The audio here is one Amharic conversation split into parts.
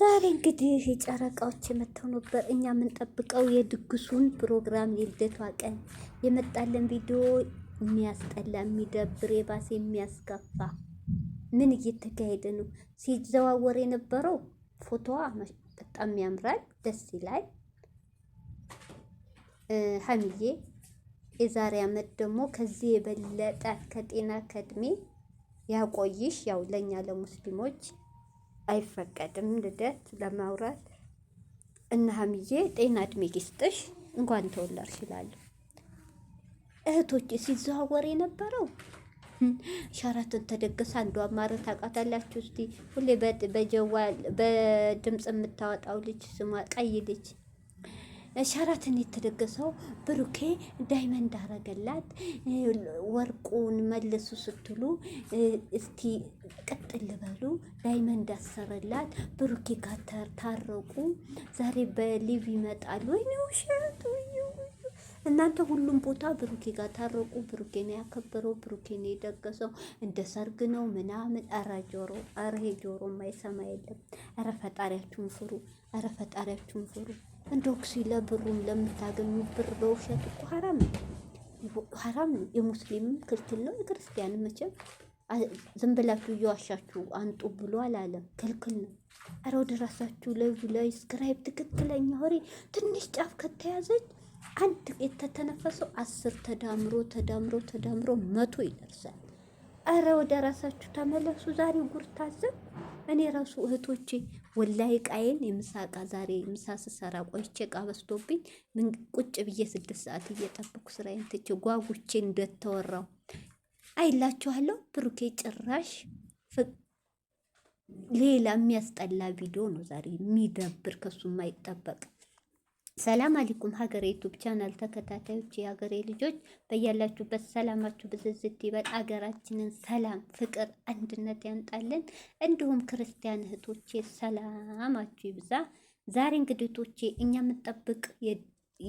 ዛሬ እንግዲህ የጨረቃዎች የመተው ነበር። እኛ የምንጠብቀው የድግሱን ፕሮግራም የልደቷ ቀን የመጣለን ቪዲዮ የሚያስጠላ የሚደብር የባስ የሚያስከፋ ምን እየተካሄደ ነው? ሲዘዋወር የነበረው ፎቶዋ በጣም ያምራል፣ ደስ ይላል። ሀሚዬ የዛሬ አመት ደግሞ ከዚህ የበለጠ ከጤና ከእድሜ ያቆይሽ። ያው ለእኛ ለሙስሊሞች አይፈቀድም ልደት ለማውራት እና ሀምዬ ጤና እድሜ ይስጥሽ እንኳን ተወለድሽ ይላሉ እህቶች። ሲዘዋወር የነበረው ሸራተን ተደገሰ። አንዷ አማረ ታውቃታላችሁ። እስቲ ሁሌ በጀዋል በድምፅ የምታወጣው ልጅ ስሟ ቀይ ልጅ ሸራተን የተደገሰው ብሩኬ ዳይመንድ አረገላት። ወርቁን መልሱ ስትሉ እስቲ ቅጥል በሉ። ዳይመንድ አሰረላት። ብሩኬ ጋር ታረቁ። ዛሬ በሊቭ ይመጣል። ወይኔ ውሸቱ እናንተ ሁሉም ቦታ ብሩኬ ጋር ታረቁ። ብሩኬ ነው ያከበረው፣ ብሩኬ ነው የደገሰው። እንደ ሰርግ ነው ምናምን። ኧረ ጆሮ፣ ኧረ ጆሮ የማይሰማ የለም። ኧረ ፈጣሪያችሁን ፍሩ፣ ኧረ ፈጣሪያችሁን ፍሩ። እንደው ሲላ ብሩም ለምታገኙት ብር በውሸት እኮ ሐራም ነው፣ ሐራም ነው። የሙስሊምም ክልክል ነው፣ የክርስቲያንም መቼም ዝም ብላችሁ እየዋሻችሁ አንጡ ብሎ አላለም። ክልክል ነው። ኧረ ወደ ራሳችሁ ለዩ ላይ ስክራይብ ትክክለኛ ሆሬ ትንሽ ጫፍ ከተያዘች አንድ የተተነፈሰው አስር ተዳምሮ ተዳምሮ ተዳምሮ መቶ ይደርሳል። ኧረ ወደ ራሳችሁ ተመለሱ። ዛሬ ጉር እኔ ራሱ እህቶቼ ወላይ ቃዬን የምሳቃ ዛሬ ምሳ ስሰራ ቆይቼ እቃ በስቶብኝ ምን ቁጭ ብዬ ስድስት ሰዓት እየጠበኩ ስራዬን ትቼ ጓጉቼ እንደተወራው አይላችኋለሁ። ብሩኬ ጭራሽ ሌላ የሚያስጠላ ቪዲዮ ነው ዛሬ የሚደብር ከሱ የማይጠበቅ ሰላም አለይኩም ሀገሬ ዩቱብ ቻናል ተከታታዮች፣ የሀገሬ ልጆች በያላችሁበት ሰላማችሁ ብዝዝት ይበል። ሀገራችንን ሰላም፣ ፍቅር፣ አንድነት ያምጣልን። እንዲሁም ክርስቲያን እህቶቼ ሰላማችሁ ይብዛ። ዛሬ እንግዲህ እህቶቼ እኛ የምንጠብቅ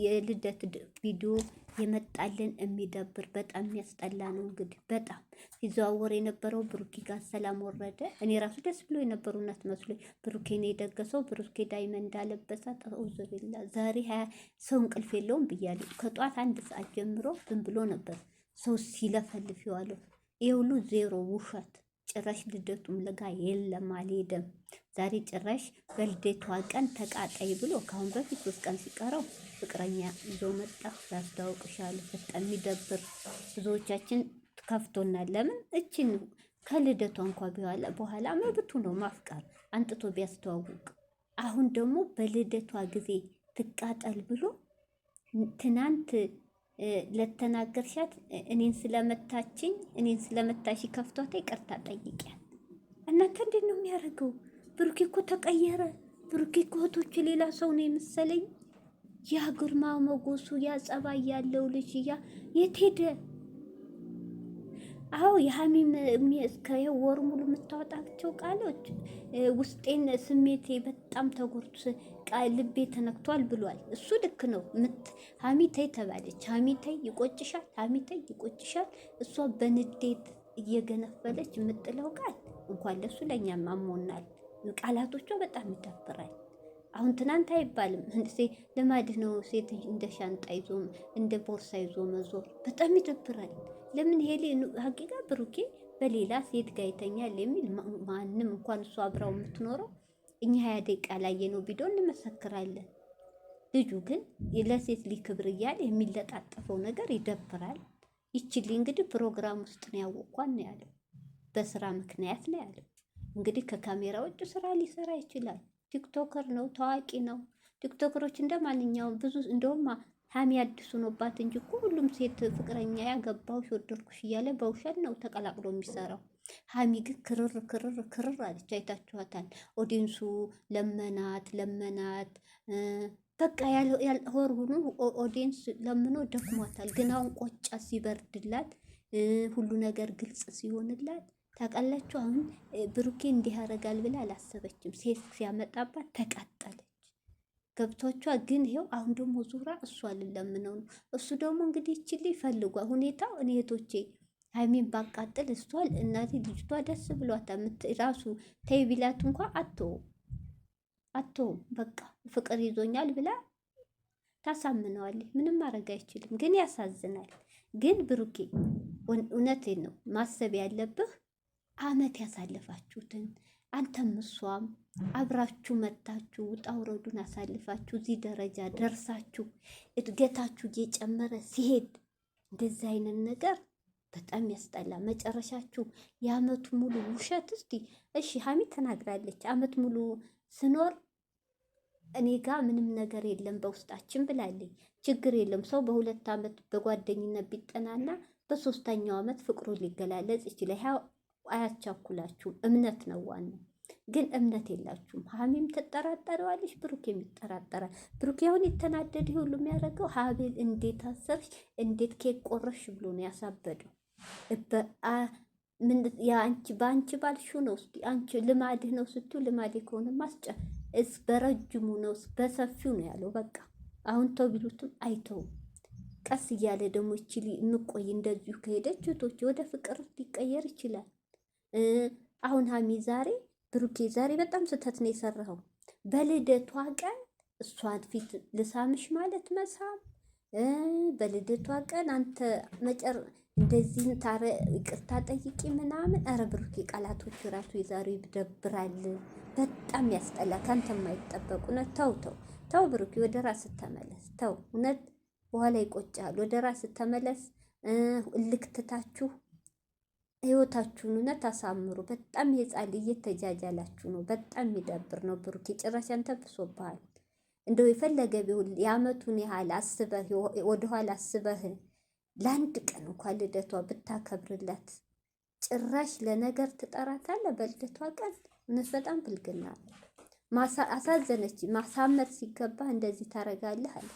የልደት ቪዲዮ የመጣልን የሚደብር በጣም የሚያስጠላ ነው። እንግዲህ በጣም ሲዘዋወር የነበረው ብሩኬ ጋር ሰላም ወረደ። እኔ ራሱ ደስ ብሎ የነበሩ እናት መስሎ ብሩኬን የደገሰው። ብሩኬ ዳይመንድ አለበሳት። ኡዙቢላ ዛሬ ሀያ ሰው እንቅልፍ የለውም ብያለሁ። ከጠዋት አንድ ሰዓት ጀምሮ ዝም ብሎ ነበር ሰው ሲለፈልፍ የዋለው። ይህ ሁሉ ዜሮ ውሸት። ጭራሽ ልደቱም ለጋ የለም አልሄደም። ዛሬ ጭራሽ በልደቷ ቀን ተቃጣይ ብሎ ከአሁን በፊት ሶስት ቀን ሲቀረው ፍቅረኛ ይዞ መጣ ያስተዋውቅሻል። በጣም የሚደብር ብዙዎቻችን ከፍቶናል። ለምን እችን ከልደቷ እንኳ ቢኋላ በኋላ መብቱ ነው ማፍቃር አንጥቶ ቢያስተዋውቅ። አሁን ደግሞ በልደቷ ጊዜ ትቃጠል ብሎ ትናንት ለተናገርሻት እኔን ስለመታችኝ እኔን ስለመታሽ ከፍቷታ ይቅርታ ጠይቂያል። እናንተ እንዴት ነው የሚያደርገው? ብሩኬ እኮ ተቀየረ። ብሩኬ እኮ ሌላ ሰው ነው የመሰለኝ። ያ ግርማ መጎሱ ያ ጸባይ ያለው ልጅ ያ የት ሄደ? አዎ የሀሚ ወር ሙሉ የምታወጣቸው ቃሎች ውስጤን ስሜቴ በጣም ተጎርቶ ልቤ ተነክቷል ብሏል። እሱ ልክ ነው። ሀሚ ተይ ተባለች። ሀሚ ተይ ይቆጭሻል፣ ሀሚ ተይ ይቆጭሻል። እሷ በንዴት እየገነፈለች የምጥለው ቃል እንኳን ለሱ ለእኛም አሞናል። ቃላቶቿ በጣም ይደብራል። አሁን ትናንት አይባልም። ልማድ ነው ሴት እንደ ሻንጣ ይዞ እንደ ቦርሳ ይዞ መዞር በጣም ይደብራል። ለምን ሄሌ ሀቂቃ ብሩኬ በሌላ ሴት ጋር ይተኛል የሚል ማንም እንኳን እሱ አብራው የምትኖረው እኛ ሀያ ደቂቃ ላየ ነው ቢዶ እንመሰክራለን። ልጁ ግን ለሴት ሊክብር እያለ የሚለጣጠፈው ነገር ይደብራል። ይችል እንግዲህ ፕሮግራም ውስጥ ነው ያወቅኳን ነው ያለው። በስራ ምክንያት ነው ያለው። እንግዲህ ከካሜራ ውጭ ስራ ሊሰራ ይችላል። ቲክቶከር ነው፣ ታዋቂ ነው። ቲክቶከሮች እንደ ማንኛውም ብዙ እንደውም ሀሚ አዲሱ ሆኖባት እንጂ እኮ ሁሉም ሴት ፍቅረኛ ያገባሁሽ ወደድኩሽ እያለ በውሸት ነው ተቀላቅሎ የሚሰራው። ሀሚ ግን ክርር ክርር ክርር አለች። አይታችኋታል። ኦዲንሱ ለመናት ለመናት በቃ ያልሆር ሁሉ ኦዲንስ ለምኖ ደክሟታል። ግን አሁን ቆጫ ሲበርድላት ሁሉ ነገር ግልጽ ሲሆንላት ታውቃላችሁ። አሁን ብሩኬ እንዲህ ያደርጋል ብላ አላሰበችም። ሴት ሲያመጣባት ተቃጠለች። ገብቷቿ። ግን ይሄው አሁን ደግሞ ዙራ እሱ አልለምነው ነው። እሱ ደግሞ እንግዲህ ይችል ይፈልጓል ሁኔታው። እኔቶቼ ሀይሜን ባቃጥል እሷል እናቴ ልጅቷ ደስ ብሏታል። ራሱ ተይ ቢላት እንኳ አቶ አቶ በቃ ፍቅር ይዞኛል ብላ ታሳምነዋለች። ምንም ማድረግ አይችልም። ግን ያሳዝናል። ግን ብሩኬ እውነቴን ነው ማሰብ ያለብህ አመት ያሳለፋችሁትን አንተም እሷም አብራችሁ መታችሁ ውጣ ውረዱን አሳልፋችሁ እዚህ ደረጃ ደርሳችሁ እድገታችሁ እየጨመረ ሲሄድ እንደዚህ አይነት ነገር በጣም ያስጠላ። መጨረሻችሁ የአመቱ ሙሉ ውሸት። እስቲ እሺ ሀሚ ተናግራለች። አመት ሙሉ ስኖር እኔ ጋር ምንም ነገር የለም በውስጣችን ብላለች። ችግር የለም ሰው በሁለት አመት በጓደኝነት ቢጠናና በሶስተኛው አመት ፍቅሩ ሊገላለጽ ይችላል። አያቻኩላችሁም። እምነት ነው ዋናው። ግን እምነት የላችሁም። ሀሚም ትጠራጠረዋለች፣ ብሩክ ይጠራጠራል። ብሩክ ያሁን የተናደድ ሁሉ የሚያደርገው ሀቤል እንዴት አሰርሽ፣ እንዴት ኬክ ቆረሽ ብሎ ነው ያሳበደው። የአንቺ በአንቺ ባልሹ ነው ስ አንቺ ልማድህ ነው ስትው ልማዴ ከሆነ ማስጨ እስ በረጅሙ ነው በሰፊው ነው ያለው። በቃ አሁን ተው ቢሉትም አይተውም። ቀስ እያለ ደግሞ ይችል የምቆይ እንደዚሁ ከሄደች ቶች ወደ ፍቅር ሊቀየር ይችላል። አሁን ሀሚ ዛሬ ብሩኬ ዛሬ በጣም ስህተት ነው የሰራኸው። በልደቷ ቀን እሷን ፊት ልሳምሽ ማለት መሳም፣ በልደቷ ቀን አንተ መጨር እንደዚህ ታረ ይቅርታ ጠይቂ ምናምን። ኧረ ብሩኬ ቃላቶቹ ራሱ የዛሬው ይደብራል። በጣም ያስጠላ። ከአንተ የማይጠበቁ እውነት። ተው ተው ተው ብሩኬ፣ ወደ ራስ ተመለስ። ተው እውነት፣ በኋላ ይቆጫል። ወደ ራስ ተመለስ። ልክትታችሁ ህይወታችሁን እውነት አሳምሩ። በጣም የጻል እየተጃጃላችሁ ነው። በጣም የሚደብር ነው። ብሩክ ጭራሽ አንተ እንደው የፈለገ ቢሆን የአመቱን ያህል አስበህ ወደኋላ አስበህ ለአንድ ቀን እንኳን ልደቷ ብታከብርላት ጭራሽ ለነገር ትጠራታለህ በልደቷ ቀን። እውነት በጣም ብልግና አሳዘነች። ማሳመር ሲገባ እንደዚህ ታረጋለህ አለ